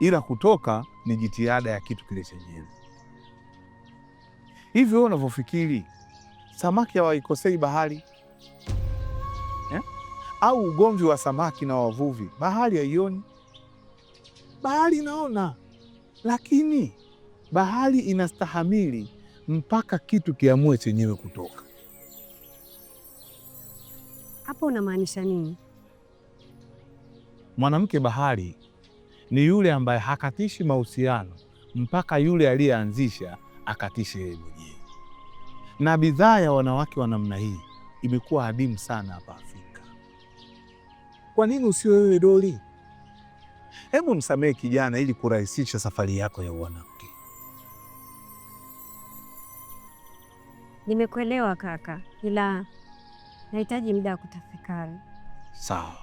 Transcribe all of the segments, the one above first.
ila kutoka ni jitihada ya kitu kile chenyewe. Hivyo unavyofikiri samaki hawaikosei bahari eh? Au ugomvi wa samaki na wavuvi, bahari haioni? Bahari inaona, lakini bahari inastahamili mpaka kitu kiamue chenyewe kutoka. Hapo unamaanisha nini? Mwanamke bahari ni yule ambaye hakatishi mahusiano mpaka yule aliyeanzisha akatishe yeye mwenyewe. Na bidhaa ya wanawake wa namna hii imekuwa adimu sana hapa Afrika. Kwa nini usio wewe Doli? Hebu msamehe kijana, ili kurahisisha safari yako ya uwanamke. Nimekuelewa kaka, ila nahitaji muda wa kutafakari. Sawa,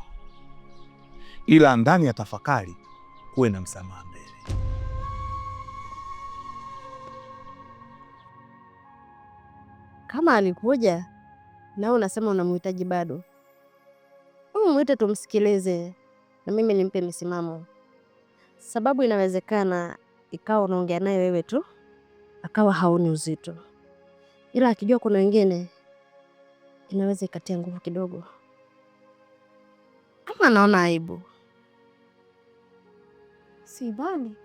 ila ndani ya tafakari uwe na msamaha mbele. Kama alikuja na unasema unamhitaji bado, umwite tumsikilize, na mimi nimpe misimamo, sababu inawezekana ikawa unaongea naye wewe tu akawa haoni uzito, ila akijua kuna wengine inaweza ikatia nguvu kidogo, kama anaona aibu Sibani.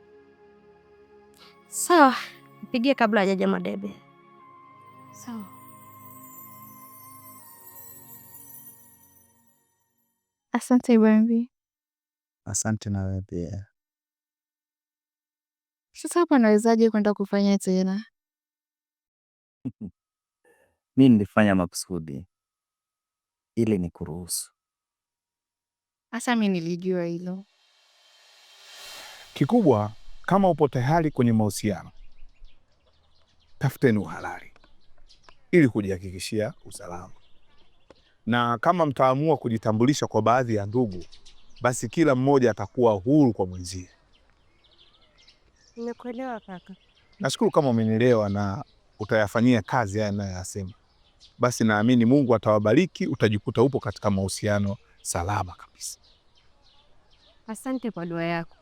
Sawa, mpigie kabla hajaja madebe. Sawa. Asante Bambi. Asante na wewe pia. Sasa hapa nawezaje kwenda kufanya tena? Mi nilifanya makusudi ili nikuruhusu. Hasa mi nilijua hilo. Kikubwa, kama upo tayari kwenye mahusiano, tafuteni uhalali ili kujihakikishia usalama, na kama mtaamua kujitambulisha kwa baadhi ya ndugu, basi kila mmoja atakuwa huru kwa mwenzie. Nimekuelewa kaka. Nashukuru kama umenielewa na utayafanyia kazi haya ninayoyasema, basi naamini Mungu atawabariki, utajikuta upo katika mahusiano salama kabisa. Asante kwa dua yako.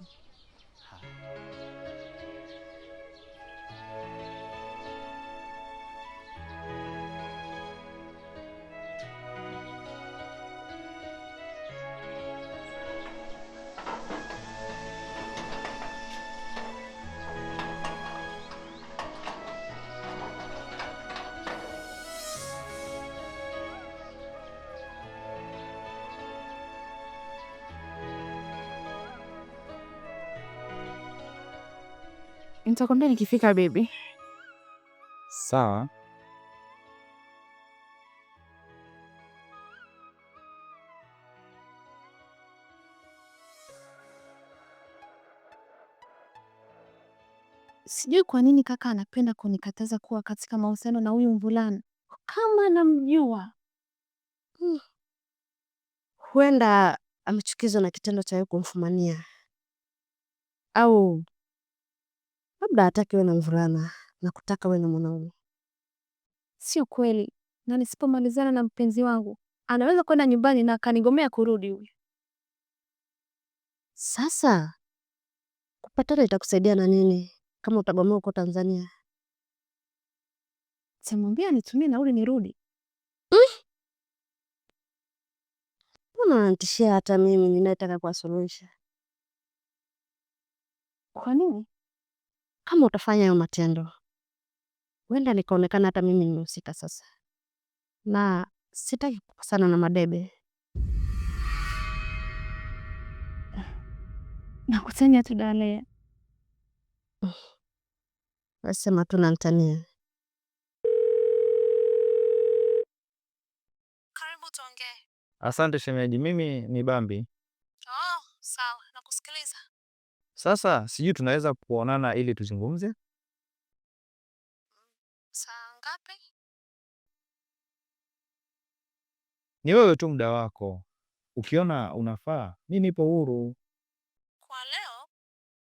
Nitakwambia nikifika bibi Sawa. Sijui kwa nini kaka anapenda kunikataza kuwa katika mahusiano na huyu mvulana kama namjua. Hmm. Huenda amechukizwa na kitendo cha yeye kumfumania au labda hataki we na mvulana na kutaka we na mwanaume. Sio kweli, na nisipomalizana na mpenzi wangu anaweza kwenda nyumbani na akanigomea kurudi huyu. Sasa kupatana itakusaidia na nini kama utagomea huko Tanzania? Simwambia anitumie nauli nirudi. Hmm? Mbona mm, unanitishia hata mimi ninayetaka kuwasuluhisha. Kwa nini? kama utafanya hayo matendo, huenda nikaonekana hata mimi nimehusika. Sasa na sitaki kukosana na madebe. Nakusanya tu dale, wasema tu nantania. Karibu tuongee. Asante shemeji, mimi ni Bambi. Oh, sawa. Sasa sijui tunaweza kuonana ili tuzungumze saa ngapi? Ni wewe tu muda wako, ukiona unafaa, mi nipo huru. Kwa leo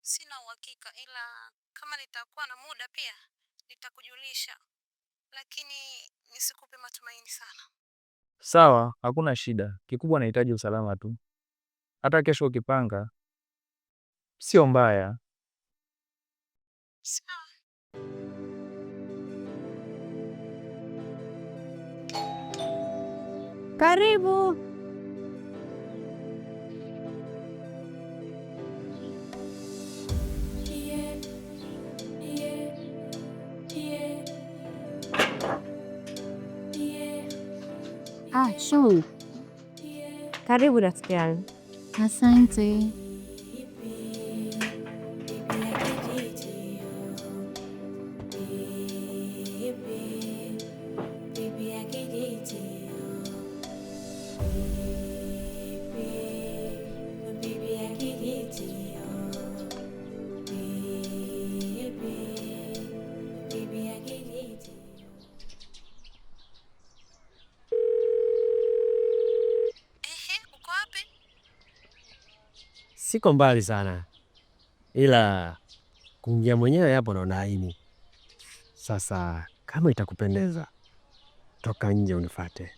sina uhakika, ila kama nitakuwa na muda pia nitakujulisha, lakini nisikupe matumaini sana. Sawa, hakuna shida, kikubwa nahitaji usalama tu. Hata kesho ukipanga sio mbaya. Karibu. Ah, shuu, karibu rafiki yangu. Asante. siko mbali sana, ila kuingia mwenyewe hapo naona aibu. Sasa kama itakupendeza, toka nje unifate.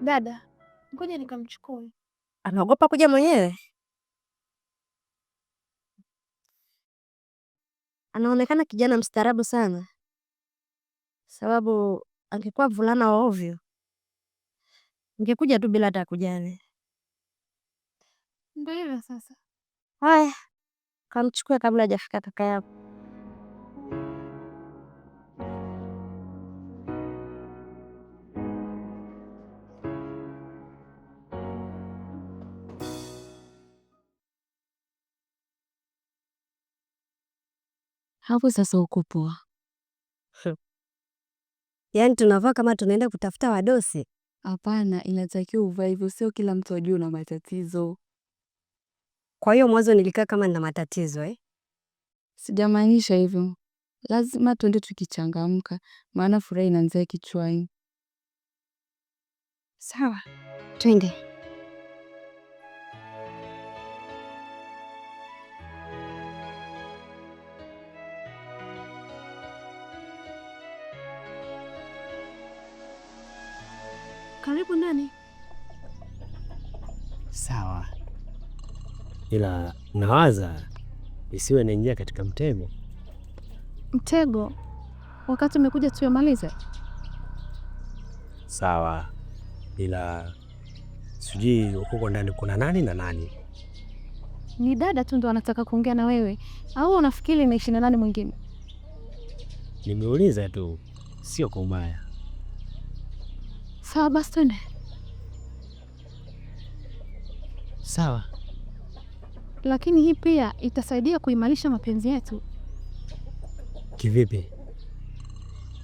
Dada, ngoja nikamchukue. Anaogopa kuja mwenyewe, anaonekana kijana mstaarabu sana, sababu angekuwa vulana wa ovyo ngekuja tu bila hata kujali. Ndio hivyo sasa. Haya, kamchukue kabla hajafika kaka yako. hapo sasa uko poa. Yaani tunavaa kama tunaenda kutafuta wadosi? Hapana, inatakiwa uvae hivyo, sio kila mtu ajue una matatizo. Kwa hiyo mwanzo nilikaa kama nina matatizo eh? Sijamaanisha hivyo, lazima tuende tukichangamka, maana furaha inaanzia kichwani. Sawa, twende. karibu nane. Sawa, ila nawaza isiwe naingia katika mtego. Mtego wakati umekuja tuyamalize. Sawa, ila sijui huko ndani kuna nani na nani? Ni dada tu ndo anataka kuongea na wewe, au unafikiri naishi na nani mwingine? Nimeuliza tu, sio kwa ubaya. Sawa basi, twende. Sawa, lakini hii pia itasaidia kuimarisha mapenzi yetu. Kivipi?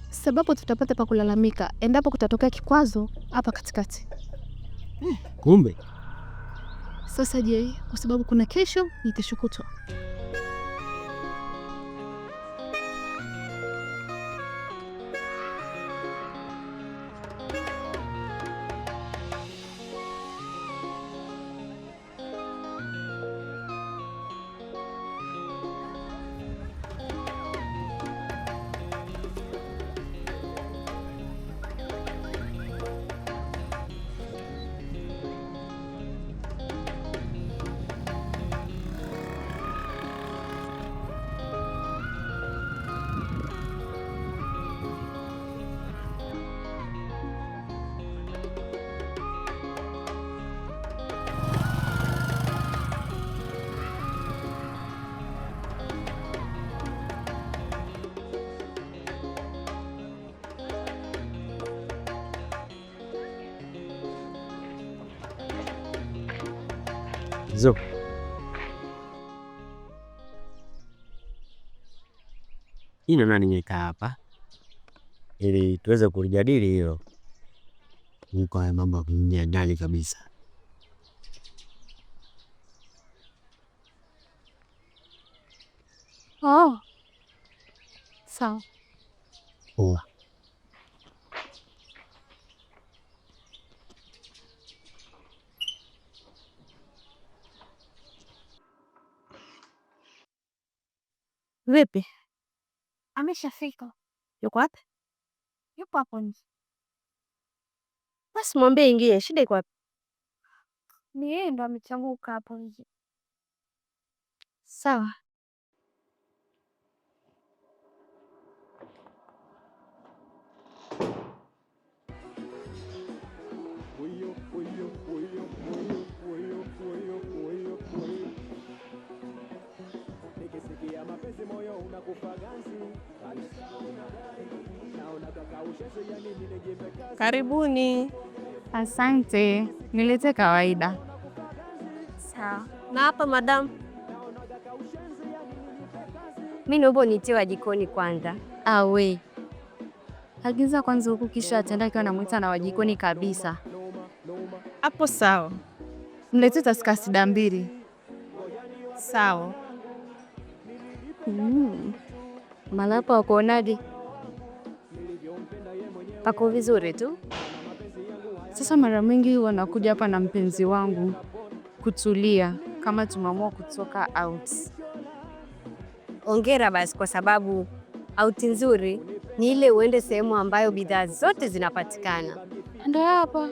Sababu tutapata pa kulalamika endapo kutatokea kikwazo hapa katikati. Hmm, kumbe sasa. Je, kwa sababu kuna kesho nitashukutwa So. Hii nani nimekaa hapa ili tuweze kulijadili hilo uko haya mambo ya ndani kabisa. Oh. Sawa. So. Vipi? Ameshafika. Yuko wapi? Yupo hapo nje. Basi mwambie ingie, shida iko wapi? Ni yeye ndo amechanguka hapo nje. Sawa, Karibuni. Asante, nilete kawaida. Sawa. Na hapa madamu, mi naomba unitiwa jikoni kwanza. Awe agiza kwanza huku, kisha atenda akiwa namwita na wajikoni kabisa. Hapo sawa, mlete taskasi da mbili. Sawa. Mm. Malapa wakuonaje? pako vizuri tu. Sasa mara mingi huwa nakuja hapa na mpenzi wangu kutulia, kama tumeamua kutoka out. Ongera basi, kwa sababu out nzuri ni ile uende sehemu ambayo bidhaa zote zinapatikana. Ndio hapa.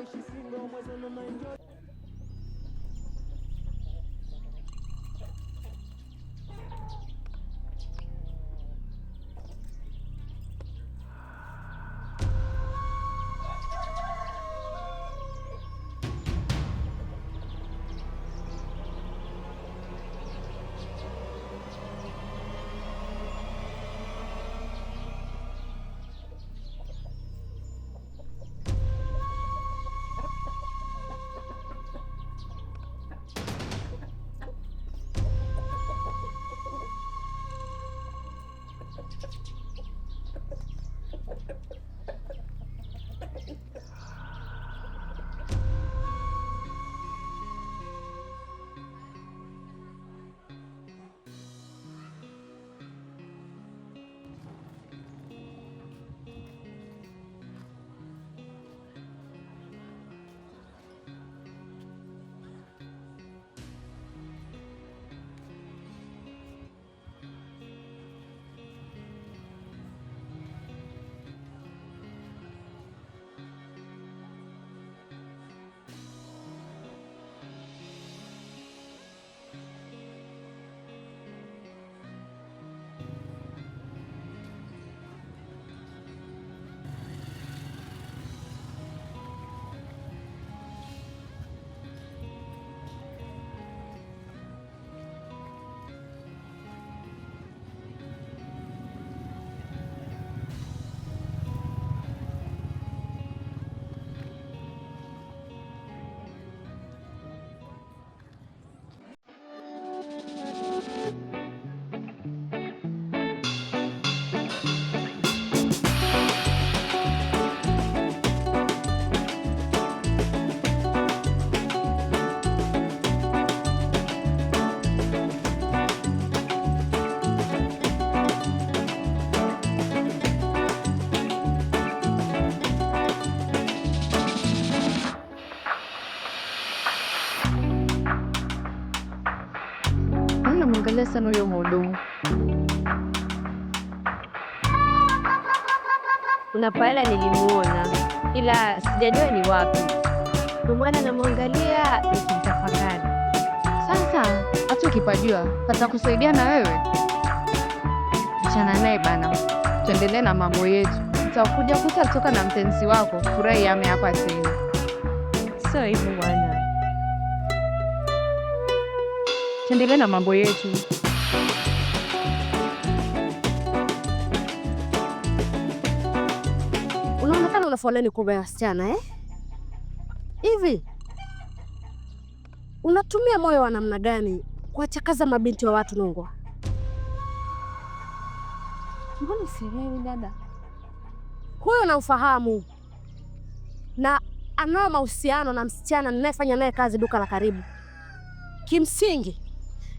sana huyo mhudumu. Kuna pahala nilimuona, ila sijajua ni wapi. Mwana namwangalia nikimtafakari. Sasa hata ukipajua kusaidia na wewe, achana naye bana, tuendelee na mambo yetu. Utakuja kuta toka na mtenzi wako, furahi ame hapa tena, so hivyo bwana? Tuendelee na mambo yetu. kupanga foleni kubwa ya wasichana eh? Hivi unatumia moyo wa namna gani kuwachakaza mabinti wa watu Nongwa? Mbona sielewi dada. Huyo namfahamu na anao mahusiano na msichana ninayefanya naye kazi duka la karibu. Kimsingi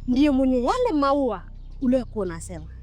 ndiye mwenye yale maua uliokuwa unasema.